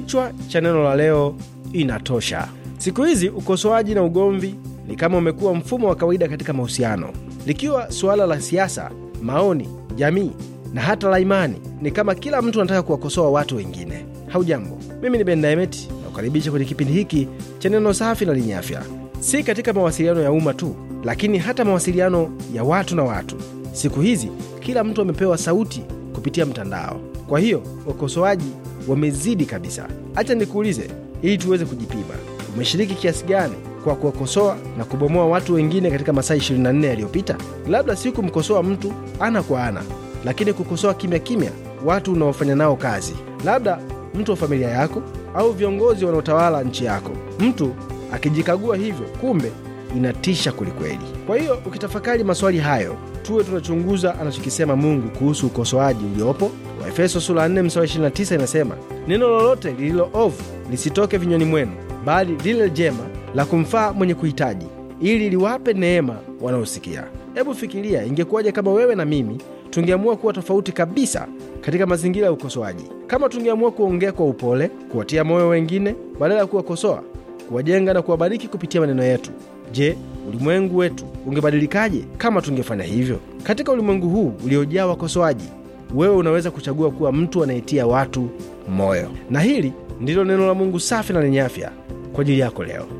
Kichwa cha neno la leo, inatosha. Siku hizi ukosoaji na ugomvi ni kama umekuwa mfumo wa kawaida katika mahusiano, likiwa suala la siasa, maoni, jamii na hata la imani. Ni kama kila mtu anataka kuwakosoa watu wengine. Haujambo, mimi ni Ben Daimet na kukaribisha kwenye kipindi hiki cha neno safi na lenye afya, si katika mawasiliano ya umma tu, lakini hata mawasiliano ya watu na watu. Siku hizi kila mtu amepewa sauti kupitia mtandao. Kwa hiyo ukosoaji wamezidi kabisa. Acha nikuulize ili tuweze kujipima, umeshiriki kiasi gani kwa kuwakosoa na kubomoa watu wengine katika masaa 24 yaliyopita? Labda si kumkosoa mtu ana kwa ana, lakini kukosoa kimya kimya watu unaofanya nao kazi, labda mtu wa familia yako au viongozi wanaotawala nchi yako. Mtu akijikagua hivyo, kumbe inatisha kwelikweli. Kwa hiyo ukitafakari maswali hayo, tuwe tunachunguza anachokisema Mungu kuhusu ukosoaji uliopo. Waefeso sura 4 mstari 29 inasema, neno lolote lililo ovu lisitoke vinywani mwenu, bali lile jema la kumfaa mwenye kuhitaji, ili liwape neema wanaosikia. Hebu fikiria ingekuwaje kama wewe na mimi tungeamua kuwa tofauti kabisa katika mazingira ya ukosoaji, kama tungeamua kuongea kwa upole, kuwatia moyo wengine badala ya kuwakosoa, kuwajenga na kuwabariki kupitia maneno yetu. Je, ulimwengu wetu ungebadilikaje kama tungefanya hivyo? Katika ulimwengu huu uliojaa wakosoaji, wewe unaweza kuchagua kuwa mtu anayetia watu moyo. Na hili ndilo neno la Mungu safi na lenye afya kwa ajili yako leo.